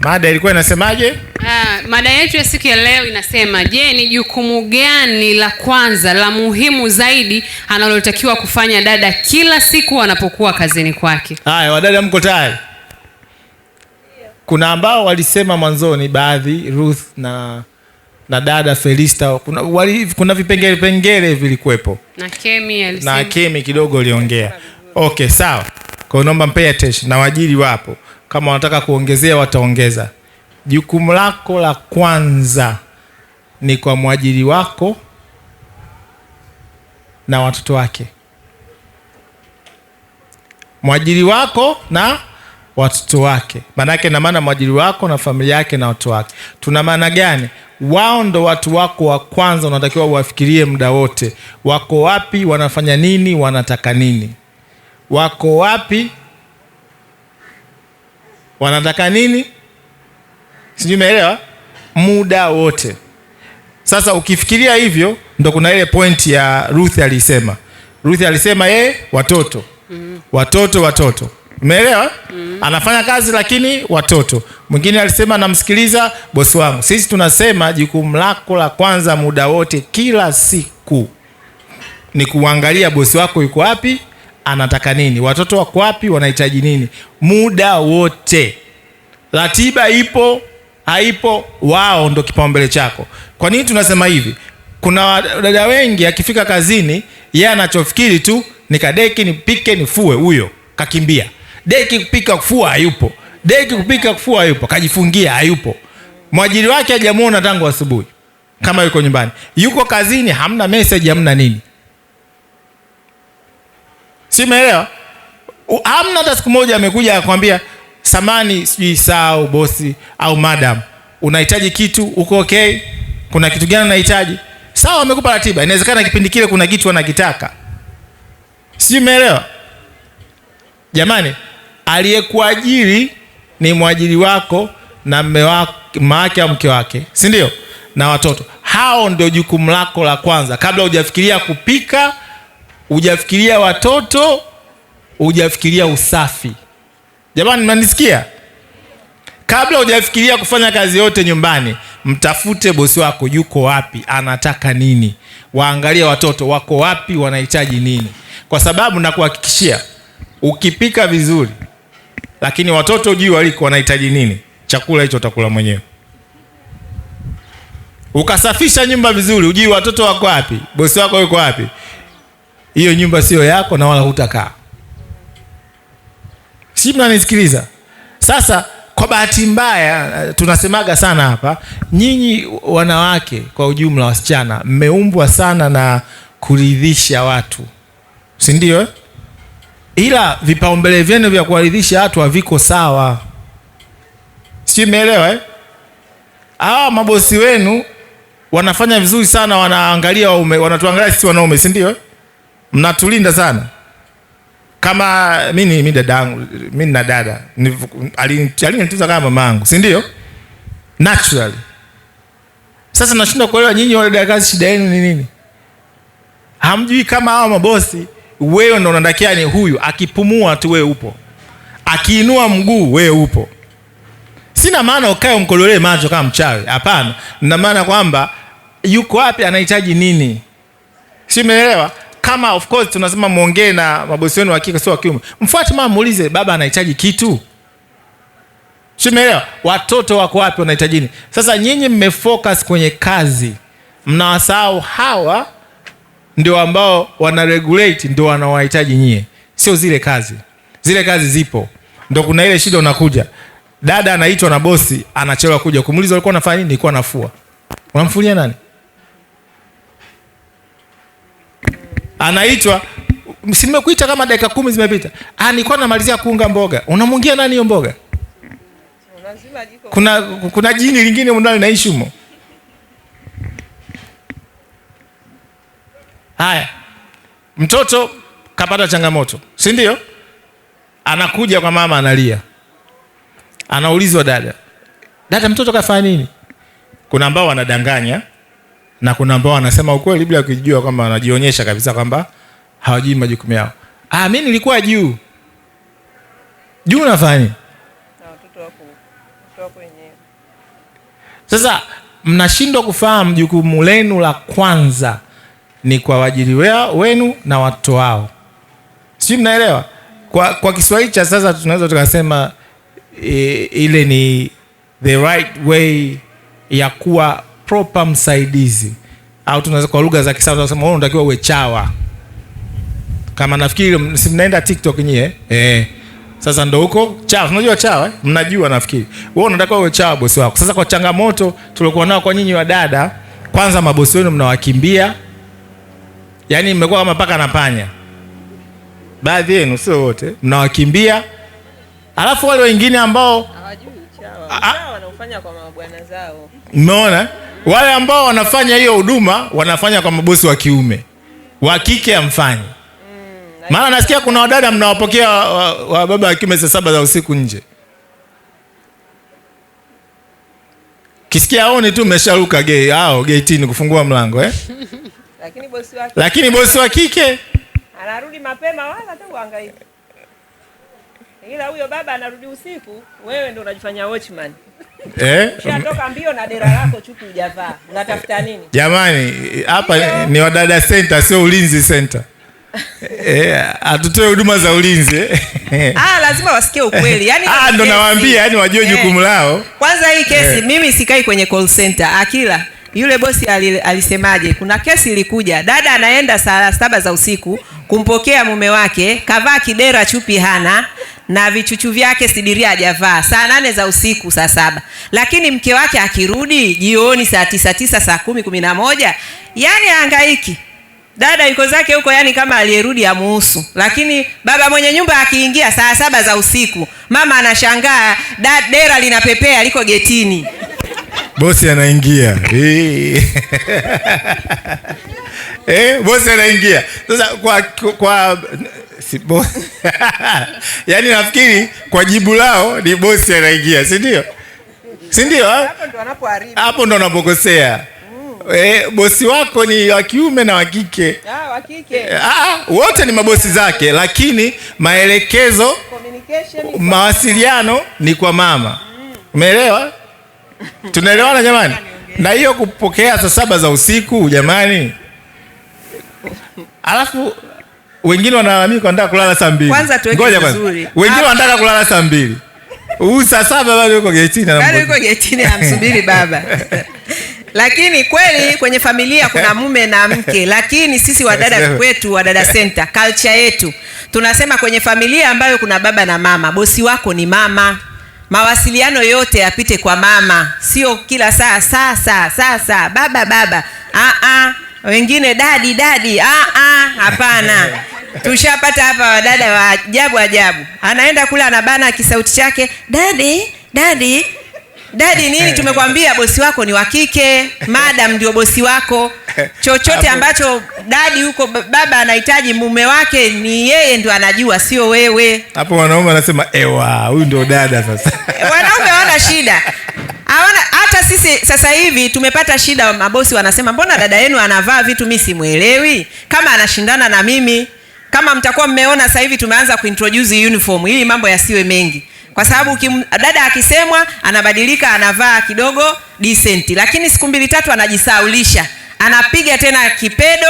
Mada ilikuwa inasemaje? Uh, mada yetu ya siku ya leo inasema, je, ni jukumu gani la kwanza la muhimu zaidi analotakiwa kufanya dada kila siku anapokuwa kazini kwake? Haya, wadada mko tayari? Kuna ambao walisema mwanzoni, baadhi Ruth na na dada Felista, kuna, wali, kuna vipengele pengele vilikuwepo na Kemi alisema, na Kemi kidogo uliongea. Okay, sawa. Kwa naomba mpay attention na wajili wapo kama wanataka kuongezea wataongeza. Jukumu lako la kwanza ni kwa mwajiri wako na watoto wake. Mwajiri wako na watoto wake, maanake na maana mwajiri wako na familia yake na watoto wake. Tuna maana gani? Wao ndo watu wako wa kwanza, unatakiwa uwafikirie muda wote. Wako wapi? Wanafanya nini? Wanataka nini? Wako wapi? wanataka nini? Sijui umeelewa? Muda wote. Sasa ukifikiria hivyo, ndo kuna ile point ya Ruth alisema. Ruth alisema yeye watoto mm-hmm. watoto watoto, umeelewa? mm. anafanya kazi lakini watoto. Mwingine alisema namsikiliza bosi wangu. Sisi tunasema jukumu lako la kwanza muda wote, kila siku ni kuangalia bosi wako yuko wapi anataka nini, watoto wako wapi, wanahitaji nini, muda wote. Ratiba ipo haipo, wao ndo kipaumbele chako. Kwa nini tunasema hivi? Kuna wadada wengi akifika kazini, ye anachofikiri tu ni kadeki, nipike, nifue. Huyo kakimbia deki kupika, kufua hayupo, deki kupika, kufua hayupo, kajifungia hayupo, mwajiri wake hajamuona tangu asubuhi, kama yuko nyumbani, yuko kazini, hamna meseji hamna nini. Si umeelewa? Hamna hata siku moja amekuja akwambia samani sijui saa au bosi au madam, unahitaji kitu, uko okay? Kuna kitu gani unahitaji? Sawa, amekupa ratiba. Inawezekana kipindi kile kuna kitu anakitaka, si umeelewa? Jamani, aliyekuajiri ni mwajiri wako na mme wako, mke au mke wake, si ndio? Na watoto hao, ndio jukumu lako la kwanza, kabla hujafikiria kupika hujafikiria watoto, hujafikiria usafi. Jamani, mnanisikia? Kabla hujafikiria kufanya kazi yote nyumbani, mtafute bosi wako yuko wapi, anataka nini, waangalie watoto wako wapi, wanahitaji nini, kwa sababu nakuhakikishia, ukipika vizuri, lakini watoto juu waliko wanahitaji nini, chakula hicho utakula mwenyewe. Ukasafisha nyumba vizuri, ujui watoto wako wapi, bosi wako yuko wapi, hiyo nyumba siyo yako na wala hutakaa. Si mnanisikiliza? Sasa kwa bahati mbaya eh, tunasemaga sana hapa, nyinyi wanawake kwa ujumla, wasichana mmeumbwa sana na kuridhisha watu, si ndio? Eh? Ila vipaumbele vyenu vya kuwaridhisha watu haviko sawa, si mmeelewa eh? Hawa mabosi wenu wanafanya vizuri sana, wanaangalia waume, wanatuangalia sisi wanaume, si ndio? Eh? mnatulinda sana. Kama mi dada dadangu mi na dada alinituza kama mamangu, si ndio? natural Sasa nashindwa kuelewa nyinyi wale dada kazi, shida yenu ni nini? Hamjui kama hawa mabosi, wewe ndo unandakia ni huyu akipumua tu wewe upo, akiinua mguu wewe upo. Sina maana ukae umkololee macho kama mchawi, hapana. Na maana kwamba yuko wapi, anahitaji nini, si umeelewa? kama of course tunasema muongee na mabosi wenu wa kike, sio wa kiume. Mfuate mama, muulize baba anahitaji kitu, simeelewa? Watoto wako wapi, wanahitaji nini? Sasa nyinyi mmefocus kwenye kazi, mnawasahau hawa ndio ambao wana regulate, ndio wanawahitaji nyie, sio zile kazi. Zile kazi zipo, ndio kuna ile shida. Unakuja dada anaitwa na bosi, anachelewa kuja kumuliza alikuwa anafanya nini? Nilikuwa nafua. Unamfulia nani? anaitwa simekuita kama dakika kumi zimepita, ah, nilikuwa namalizia kuunga mboga. Unamwingia nani hiyo mboga? Kuna, kuna jini lingine mndani naishi humo. Haya, mtoto kapata changamoto, si ndio? Anakuja kwa mama, analia, anaulizwa dada, dada, mtoto kafanya nini? Kuna ambao wanadanganya na kuna ambao wanasema ukweli bila kujua kwamba wanajionyesha kabisa kwamba hawajui majukumu yao. Ah, mimi nilikuwa juu juu, nafanya sasa. Mnashindwa kufahamu jukumu lenu la kwanza ni kwa wajiri wenu na watoto wao, sijui mnaelewa. Kwa, kwa Kiswahili cha sasa tunaweza tukasema e, ile ni the right way ya kuwa proper msaidizi, au tunaweza kwa lugha za kisasa tunasema wewe unatakiwa uwe chawa. Kama nafikiri si mnaenda TikTok nyie eh, sasa ndo huko chawa. Unajua chawa eh? Mnajua nafikiri wewe unatakiwa uwe chawa bosi wako. Sasa kwa changamoto tulikuwa nao kwa nyinyi wa dada kwanza mabosi wenu mnawakimbia, yani mmekuwa kama paka na panya, baadhi yenu, sio wote, mnawakimbia alafu wale wengine ambao hawajui chawa wanaofanya kwa mabwana zao, umeona wale ambao wanafanya hiyo huduma wanafanya kwa mabosi wa kiume, wa kike amfanyi. Mm, Maana nasikia kuna wadada mnawapokea wa, wa baba wa kiume saa saba za usiku nje, kisikia aoni tu mesharuka gei ao geitini kufungua mlango eh? Lakini bosi wa kike, lakini bosi wa kike anarudi mapema wala hata uhangaike, ila huyo baba anarudi usiku, wewe ndio unajifanya watchman. Eh? Shatoka mbio na dera lako hujavaa. Unatafuta nini? Jamani, hapa ni Wadada Center sio Ulinzi Center. Eh, atutoe huduma za ulinzi. Ah, lazima wasikie ukweli. Yaani ah, ndo nawaambia, yani wajue eh. jukumu lao. Kwanza hii kesi eh. mimi sikai kwenye call center. Akila yule bosi alisemaje? Kuna kesi ilikuja, dada anaenda saa saba za usiku kumpokea mume wake, kavaa kidera, chupi hana na vichuchu vyake sidiria hajavaa, saa nane za usiku, saa saba, lakini mke wake akirudi jioni saa tisa tisa, saa kumi kumi na moja, yani angaiki dada yuko zake huko, yani kama aliyerudi amuhusu. Lakini baba mwenye nyumba akiingia saa saba za usiku, mama anashangaa dera linapepea liko getini, bosi anaingia eh, bosi anaingia sasa kwa, kwa si bosi yaani, nafikiri kwa jibu lao ni bosi anaingia, sindio sindio ah? Hapo ndo wanapokosea. Mm. E, eh, bosi wako ni wa kiume na wa kike ah, eh, ah, wote ni mabosi zake, lakini maelekezo, mawasiliano ni kwa mama. Umeelewa? Tunaelewana jamani? Na hiyo kupokea saa saba za usiku jamani, alafu wengine wanalalamika wanataka kulala saa mbili. Kwanza tuweke Wengine ah. wanataka kulala saa mbili. Huu saa saba bado yuko getini bado yuko getini amsubiri baba. Lakini kweli kwenye familia kuna mume na mke, lakini sisi wadada kwetu, Wadada Center, culture yetu tunasema kwenye familia ambayo kuna baba na mama, bosi wako ni mama. Mawasiliano yote yapite kwa mama, sio kila saa saa saa saa saa baba baba, a ah, a ah wengine dadi dadi. Ah, ah, hapana tushapata hapa wadada wa ajabu ajabu, anaenda kule anabana kisauti chake dadi dadi dadi nini. Eh. Tumekwambia bosi wako ni wa kike, madam ndio bosi wako. Chochote ambacho dadi huko baba anahitaji mume wake ni yeye ndio anajua, sio wewe. Hapo wanaume wanasema ewa, huyu ndio dada. Sasa wanaume hawana shida Hawana hata sisi sasa hivi tumepata shida, mabosi wanasema mbona dada yenu anavaa vitu mimi simuelewi, kama anashindana na mimi. Kama mtakuwa mmeona sasa hivi tumeanza kuintroduce uniform ili mambo yasiwe mengi, kwa sababu kim, dada akisemwa anabadilika, anavaa kidogo decent, lakini siku mbili tatu anajisaulisha, anapiga tena kipedo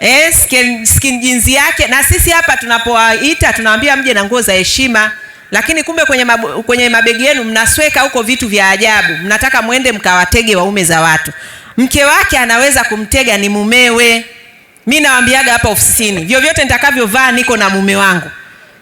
eh, skin, skin jinsi yake. Na sisi hapa tunapowaita tunawaambia mje na nguo za heshima lakini kumbe kwenye, mabu, kwenye mabegi yenu mnasweka huko vitu vya ajabu, mnataka mwende mkawatege waume za watu. Mke wake anaweza kumtega ni mumewe. Mi nawambiaga hapa ofisini, vyovyote nitakavyovaa niko na mume wangu.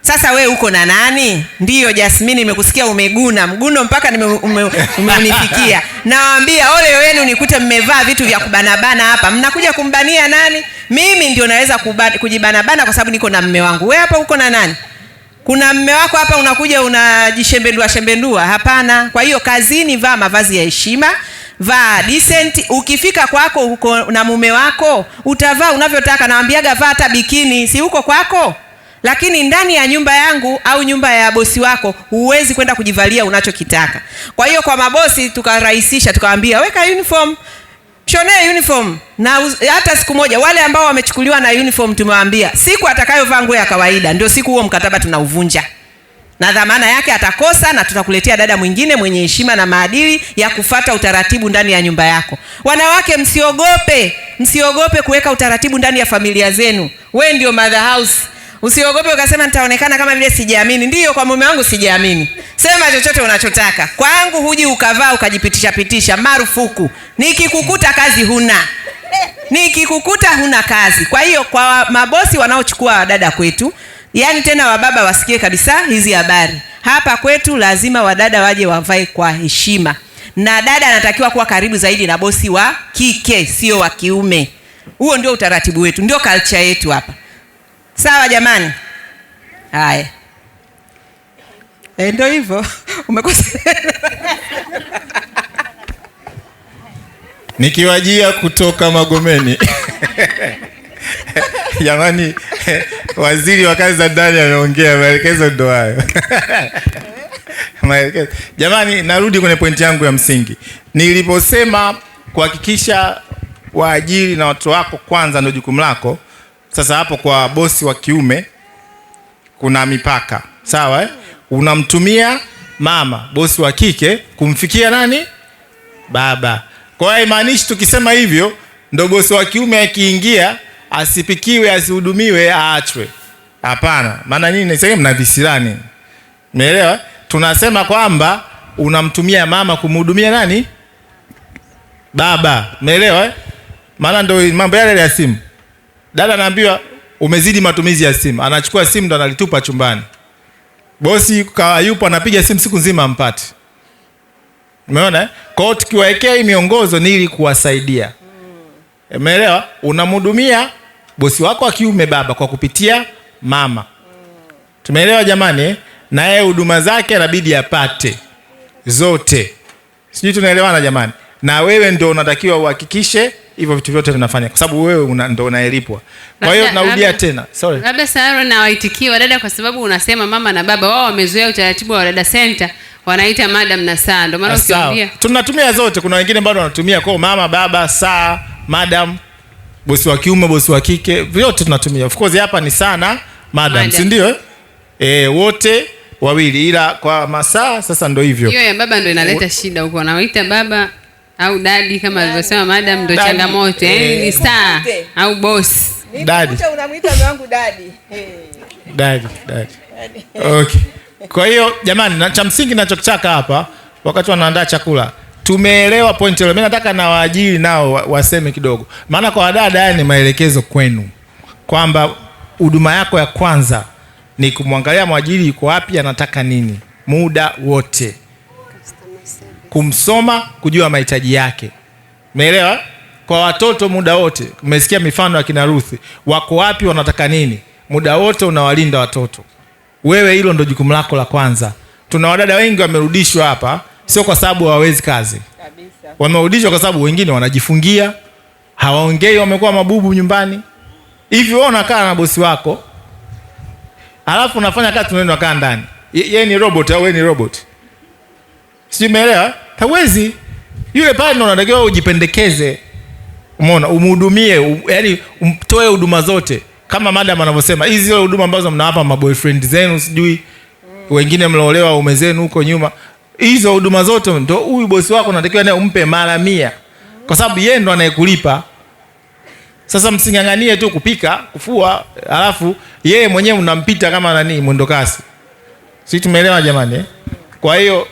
Sasa we uko na nani? Ndiyo Jasmini, nimekusikia umeguna mguno mpaka umenifikia. ume, ume nawambia ole wenu nikute mmevaa vitu vya kubanabana hapa, mnakuja kumbania nani? Mimi ndio naweza kujibanabana kwa sababu niko na mme wangu. We hapa uko na nani? kuna mme wako hapa unakuja unajishembendua shembendua. Hapana. Kwa hiyo kazini, vaa mavazi ya heshima, vaa decent. Ukifika kwako huko na mume wako, utavaa unavyotaka. Nawambiaga vaa hata bikini, si huko kwako lakini ndani ya nyumba yangu au nyumba ya bosi wako huwezi kwenda kujivalia unachokitaka. Kwa hiyo kwa mabosi tukarahisisha, tukawaambia weka uniform, shonee uniform na hata siku moja. Wale ambao wamechukuliwa na uniform tumewaambia siku atakayovaa nguo ya kawaida ndio siku huo mkataba tunauvunja, na dhamana yake atakosa, na tutakuletea dada mwingine mwenye heshima na maadili ya kufata utaratibu ndani ya nyumba yako. Wanawake, msiogope, msiogope kuweka utaratibu ndani ya familia zenu. We ndio mother house Usiogope ukasema nitaonekana kama vile sijaamini. Ndiyo, kwa mume wangu sijaamini. Sema chochote unachotaka kwangu, huji ukavaa ukajipitisha pitisha, marufuku. Nikikukuta kazi huna, nikikukuta huna kazi. Kwa hiyo kwa mabosi wanaochukua wadada kwetu, yaani tena wababa wasikie kabisa hizi habari hapa kwetu, lazima wadada waje wavae kwa heshima, na dada anatakiwa kuwa karibu zaidi na bosi wa kike, sio wa kiume. Huo ndio utaratibu wetu, ndio kalcha yetu hapa. Sawa jamani, haya eh, ndo hivyo, umekosa nikiwajia kutoka Magomeni. Jamani, waziri wa kazi za ndani ameongea, maelekezo ndo hayo. Maelekezo jamani, narudi kwenye pointi yangu ya msingi niliposema kuhakikisha waajiri na watu wako kwanza, ndio jukumu lako sasa hapo kwa bosi wa kiume kuna mipaka sawa, eh? Unamtumia mama bosi wa kike kumfikia nani? Baba. Kwa hiyo haimaanishi tukisema hivyo ndo bosi wa kiume akiingia asipikiwe, asihudumiwe, aachwe. Hapana, maana nyinyi nisema mna visirani, umeelewa? Tunasema kwamba unamtumia mama kumhudumia nani? Baba, umeelewa? Eh? Maana ndo mambo yale ya simu Dada anaambiwa umezidi matumizi ya simu, anachukua simu ndo analitupa chumbani. Bosi kawa yupo anapiga simu siku nzima ampate. Umeona? Eh? Kwa hiyo tukiwaekea hii miongozo ni ili kuwasaidia. Umeelewa? Unamhudumia bosi wako wa kiume baba kwa kupitia mama. Tumeelewa jamani? Eh? Na yeye huduma zake anabidi apate zote. Sijui tunaelewana jamani? Na wewe ndo unatakiwa uhakikishe hivyo vitu vyote vinafanya kwa sababu wewe una, ndo unaelipwa. Kwa hiyo narudia tena, sorry, labda Saro na wadada, kwa sababu unasema mama na baba wao wamezoea utaratibu wa Wadada Center, wanaita madam na saa. ndo maana ah, ukiambia tunatumia zote, kuna wengine bado wanatumia kwao, mama, baba, saa, madam, bosi wa kiume, bosi wa kike, vyote tunatumia. Of course hapa ni sana madam, madam. si ndio? Eh? eh, wote wawili, ila kwa masaa sasa ndo hivyo. Hiyo ya baba ndo inaleta shida huko, wanaita baba au dadi kama alivyosema madam, ndo changamoto yaani eh, ni star au boss. Unamwita wangu eh. dadi, dadi, dadi. Okay, kwa hiyo jamani, cha msingi nachokitaka hapa wakati wanaandaa chakula tumeelewa point hiyo. Mimi nataka na waajiri nao waseme kidogo, maana kwa wadada haya ni maelekezo kwenu kwamba huduma yako ya kwanza ni kumwangalia mwajiri yuko wapi, anataka nini muda wote kumsoma, kujua mahitaji yake. Umeelewa? Kwa watoto muda wote, umesikia mifano ya kina Ruthi, wako wapi, wanataka nini, muda wote unawalinda watoto. Wewe hilo ndo jukumu lako la kwanza. Tuna wadada wengi wamerudishwa hapa, sio kwa sababu hawawezi kazi kabisa. Wamerudishwa kwa sababu wengine wanajifungia, hawaongei, wamekuwa mabubu nyumbani. Hivi wewe unakaa na bosi wako, alafu unafanya kazi, unaenda kaa ndani, yeye ni robot au wewe ni robot? Sijui umeelewa? Eh? Hawezi. Yule pale partner unatakiwa ujipendekeze. Umeona? Umhudumie, yaani umtoe huduma zote. Kama madam anavyosema, hizi zile huduma ambazo mnawapa maboyfriend zenu sijui mm. wengine mloolewa ume zenu huko nyuma, hizo huduma zote ndo huyu bosi wako unatakiwa naye umpe mara mia, kwa sababu yeye ndo anayekulipa. Sasa msing'ang'anie tu kupika, kufua, alafu yeye mwenyewe unampita kama nani mwendokasi kasi. Sisi tumeelewa jamani eh? Kwa hiyo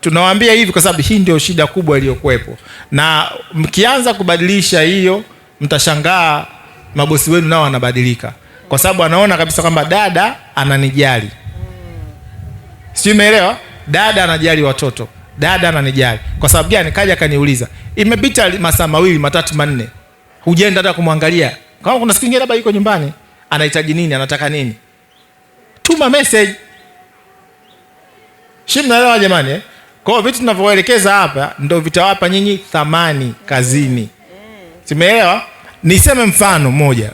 Tunawaambia hivi kwa sababu hii ndio shida kubwa iliyokuwepo, na mkianza kubadilisha hiyo, mtashangaa mabosi wenu nao wanabadilika, kwa sababu anaona kabisa kwamba dada ananijali, sijui umeelewa. Dada anajali watoto, dada ananijali. Kwa sababu gani? Kaja akaniuliza, imepita masaa mawili matatu manne, hujaenda hata kumwangalia. Kama kuna siku nyingine labda yuko nyumbani, anahitaji nini, anataka nini, tuma message. Shimnaelewa jamani eh? Kwa hiyo vitu tunavyoelekeza hapa ndio vitawapa nyinyi thamani kazini. Simeelewa? Niseme mfano mmoja.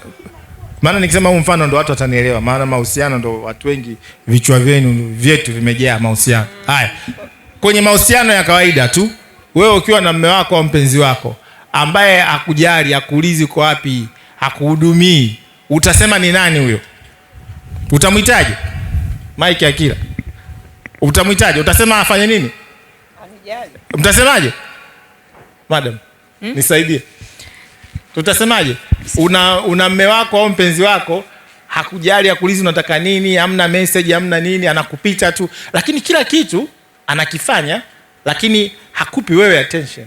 Maana nikisema huu mfano ndo watu watanielewa, maana mahusiano ndo watu wengi vichwa vyenu vyetu vimejaa mahusiano. Haya. Kwenye mahusiano ya kawaida tu, wewe ukiwa na mume wako au mpenzi wako ambaye akujali akuulizi uko wapi, akuhudumii utasema ni nani huyo? Utamhitaji? Mike Akila. Utamhitaji? Utasema afanye nini? Mtasemaje madam? Hmm? Nisaidie, tutasemaje? Una, una mme wako au mpenzi wako hakujali, akulizi unataka nini, amna message, amna nini, anakupita tu, lakini kila kitu anakifanya, lakini hakupi wewe attention.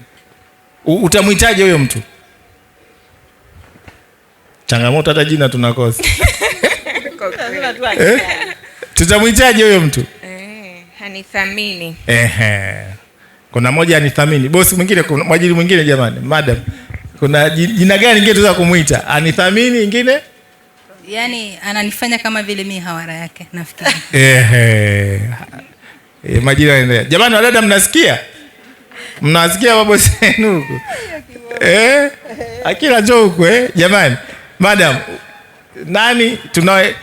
Utamhitaji huyo mtu? Changamoto, hata jina tunakosa eh? Tutamhitaji huyo mtu eh, hanithamini kuna moja anithamini, bosi mwingine, kuna mwajiri mwingine. Jamani, madam, kuna jina gani ingine tunaweza kumwita anithamini ingine? Yani ananifanya kama vile mimi hawara yake, nafikiri ehe. E, majira yanaendelea. Jamani, wadada, mnasikia mnasikia mabosi wenu huko eh, akila njoo huko eh. Jamani, madam, nani tunawe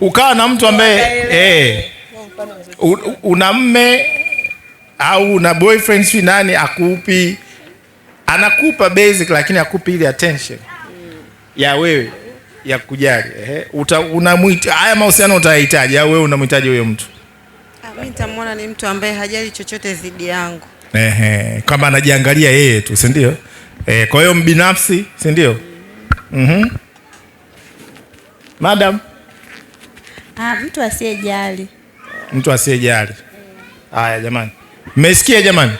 ukawa na mtu ambaye eh, una mme au na boyfriend si nani akupi, anakupa basic, lakini akupi ile attention ya wewe ya kujali. Ehe, unamwita haya mahusiano utahitaji au wewe unamhitaji huyo mtu? Mimi ah, nitamwona ni mtu ambaye hajali chochote dhidi yangu, ehe, kama anajiangalia yeye tu, si ndio? Eh, kwa hiyo mbinafsi, si ndio? Mhm, mm madam. Ah, mtu asiyejali, mtu asiyejali. Haya jamani. Mmesikia jamani?